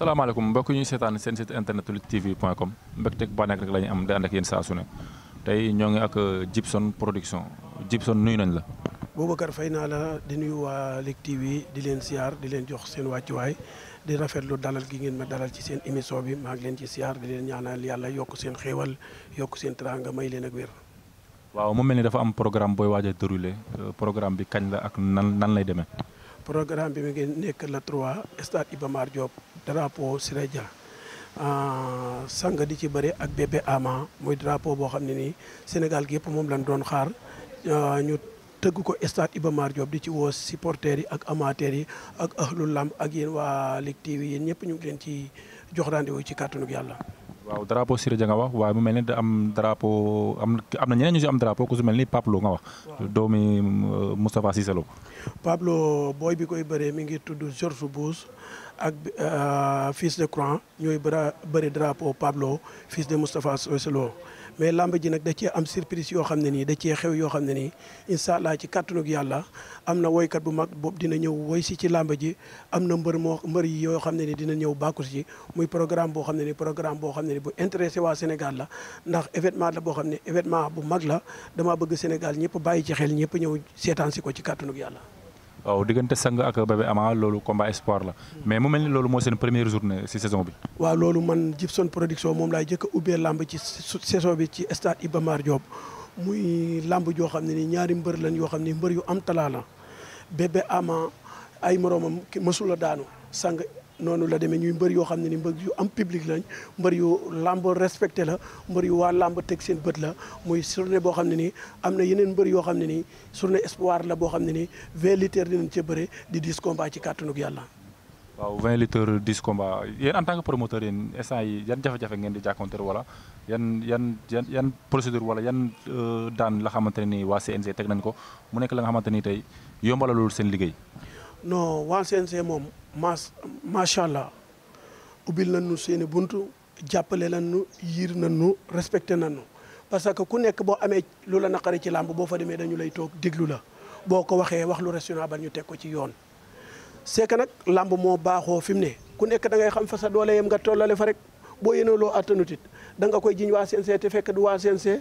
salaamaaleykum mbokk ñuy seetaan seen site internet lutte tv point com mbégteeg bànneeg rek la ñu am di ànd ak yéen saa su ne euh, nuyu nañ la. Boubacar fay naa la di nuyu waa Lutte di leen siyaar di leen jox seen wàccuwaay di rafetlu dalal gi ngeen ma dalal ci seen émission bi maa ngi leen ci siyaar di leen ñaanal yàlla yokk seen xéewal yokk seen teraanga may leen ak wér. waaw mu mel ni dafa am programme booy waaja a déroulé euh, programme bi kañ la ak nan nan lay demee. programme bi mi ngi nekk la 3 stade Iba Mar drapeau Siré Dia ah, sang di ci bëri ak bébé ama muy drapeau boo xam ne nii Sénégal gi yëpp moom lañ doon xaar ah, ñu tëgg ko stade Iba Mar di ci woo supporters yi ak amateurs yi ak ahlul lamb ak yéen waa Ligue TV yéen ñëpp ñu ngi leen ci jox rendez-vous ci kàttanu yàlla. waaw drapeau Siré nga wax waaye mu mel ni da am drapeau am am na ñeneen ñu si am drapeau ku su mel ni Pablo nga wax. doomi euh, Moustapha Cissé Lo. Pablo booy bi koy bëree mi ngi tudd George Bush ak euh, fils de Croix ñooy bëra bëri drapeau Pablo fils de Moustapha Cissé Lo mais làmb ji nag da cee am surprise yoo xam ne nii da cee xew yoo xam ne nii incha allah ci kàttanug yàlla am na woykat bu mag boobu dina ñëw woy si ci làmba ji am na mbër moo mbër yoo xam ne ni dina ñëw bàkku si muy programme boo xam ne ni programme boo xam ne ni bu intéressé waa Sénégal la ndax événement la boo xam ne événement bu mag la dama bëgg Sénégal ñëpp bàyyi ci xel ñëpp ñëw seetaan si ko ci kàttanug yàlla waaw diggante sang ak bébé ama loolu combat espoir la mais mu mel ni loolu moo seen première journée si saison bi. waaw loolu man Gibson production moom laay jëkk a ubbee lamb ci saison bi ci stade i Mar Diop muy làmb joo xam ne ni ñaari mbër lañ yoo xam ni mbër yu am talaala la bébé ama ay moroomam ki mësula daanu sang noonu la demee ñuy mbër yoo xam ne ni mbër yu am public lañ mbër yu làmb respecté la mbër yu waa làmb teg seen bët la muy journée boo xam ne nii am na yeneen mbër yoo xam ne nii journée espoir la boo xam ne nii vingt lutteurs dinañ ca bëre di dix ci kàttanug yàlla waaw 20 lutteurs 10 combats yéen en tant que promoteur yéen instant yi yan jafe-jafe ngeen di jàkkonteel wala yan yan yan yan procédure wala yan euh, daan la xamante ne nii waa CNG teg nañ ko mu nekk la nga xamante ni tey yombalalul seen liggéey non waa CNG moom mas macha allah ubbil nañu seeni bunt jàppale nañu yiir nañu respecté nañu parce que ku nekk boo amee lu la naqari ci làmb boo fa demee dañu lay toog déglu la boo ko waxee wax lu raisonnable ñu teg ko ci yoon. c'est que nag làmb moo baaxoo fi mu ne ku nekk da ngay xam fa sa doole yem nga tollale fa rek boo yéenoo loo attanut it da nga koy jiñ waa CNG te fekk du waa CNG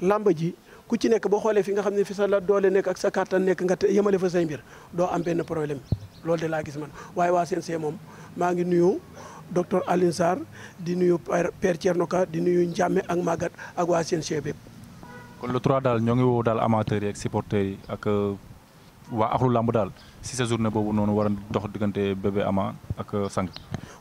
làmb ji. ku ci nekk boo xoolee fi nga xam ne fi sa la doole nekk ak sa kàttan nekk nga yemale fa say mbir doo am benn problème loolu de laa gis man waaye waa CNG moom maa ngi nuyu docteur Alioune Sarr di nuyu Père Thierno Ka di nuyu Ndiame ak Maguette ak waa CNG bépp kon le daal ñoo ngi wow daal amateurs yi ak supporters yi ak. waa axlu làmb daal si sa journée boobu noonu war a dox diggante bébé ama ak sang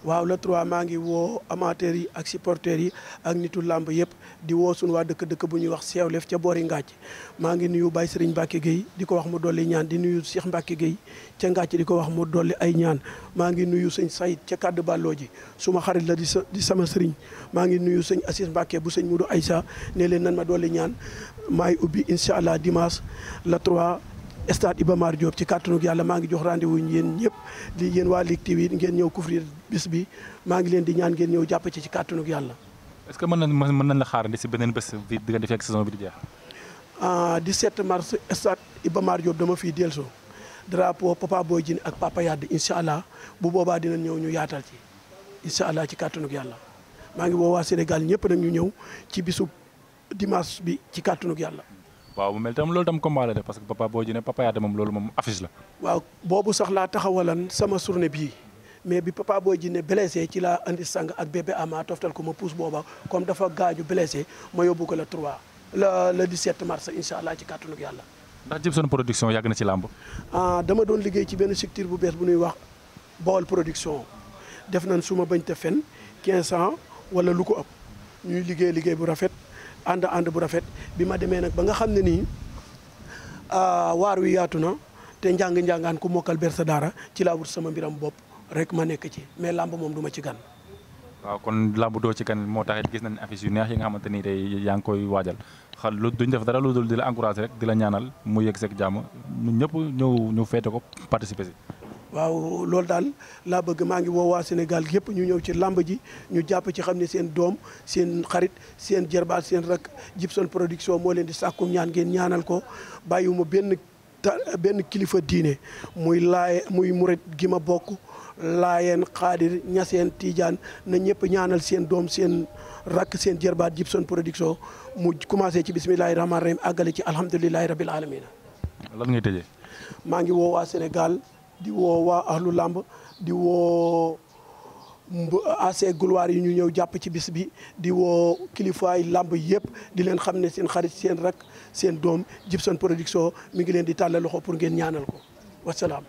waaw le trois maa ngi woo amateurs yi ak supporters yi ak nitu làmb yëpp di woo suñu waa dëkk-dëkk bu ñuy wax seewlef ca boori Ngathie maa ngi nuyu Baye Serigne Mbacke Gueye di ko wax mu dolli ñaan di nuyu Cheikh Mbacke Gueye ca Ngathie di ko wax mu dolli ay ñaan maa ngi nuyu sëñ Sayid ca kàddu bàlloo ji suma xarit la di sa sama sëriñ maa ngi nuyu sëñ Assis Mbacke bu sëñ Moudou Aïssa ne leen nan ma dolli ñaan maay ubbi incha allah dimanche le trois stade Iba Mar Diop ci kàttanug yàlla maa ngi jox rendez-vous yéen ñëpp di yéen waa Ligue TV ngeen ñëw couvrir bis bi maa ngi leen di ñaan ngeen ñëw jàpp ci ci kàttanug yàlla. est-ce que mën nañ mën nañ la xaarandi si beneen bés bi di nga defee ak saison di jeex. 17 ah, mars stade Iba Mar Diop dama fiy delso drapeau Papa Boy Djine ak Papa Yade incha bu boobaa dinañ ñëw ñu yaatal ci incha allah ci kàttanug yàlla maa ngi boobaa waa Sénégal ñëpp nag ñu ñëw ci bisu dimanche bi ci kàttanug yàlla. waaw ma mel tam loolu tam combat la def parce que papa boo jëlee papa yaata moom loolu moom affiche la. waaw boobu sax laa taxawalan sama journée bii mais bi papa boo jëlee blessé ci laa andi sang ak bébé ama toftal ko ma pousse booba comme dafa gaañu blessé ma yóbbu ko la le 3 le le 17 mars incha allah ci kàttanu yàlla. ndax Jibson production yàgg na ci làmb. Ah, dama doon liggéey ci benn structure bu bees bu ñuy wax Baol production def nañ su ma bañ te fen 15 ans wala lu ko ëpp ñuy liggéey liggéey bu rafet. ànd ànd bu rafet bi ma demee nag ba nga xam ne nii ah, waar wi yaatu na te njàng-njàngaan ku mokkal ber sa daara ci laa wut sama mbiram bopp rek ma nekk ci mais làmb moom du ma ci gan. waaw kon làmb doo ci gan moo tax it gis nañ affiche yu neex yi nga xamante ni day yaa ngi koy waajal xal lu duñ def dara lu dul di la encouragé rek di la ñaanal mu yegg seeg jàmm ñun ñëpp ñëw ñu feete ko participer si. waaw loolu daal laa bëgg maa ngi woo waa Sénégal yëpp ñu ñëw ci làmb ji ñu jàpp ci xam ne seen doom seen xarit seen jërbaat seen rak Jibson production moo leen di sàkku ñaan ngeen ñaanal ko bàyyiwuma benn ta benn kilifa diine muy laaye muy murit gi ma bokk laayeen xaadir ñaseen tiijaan na ñëpp ñaanal seen doom seen rakk seen jërbaat Jibson production mu commencé ci bismillahi rahmaani rahim àggale ci alhamdulilahi rabil alamina lan ngay maa ngi woo waa di woo waa ahlu làmb di woo ah, AC Gloire yi ñu ñëw jàpp ci bis bi di woo kilifaay làmb yëpp di leen xam ne seen xarit seen rak seen doom Jibson Production mi ngi leen di tàllal loxo pour ngeen ñaanal ko wasalaam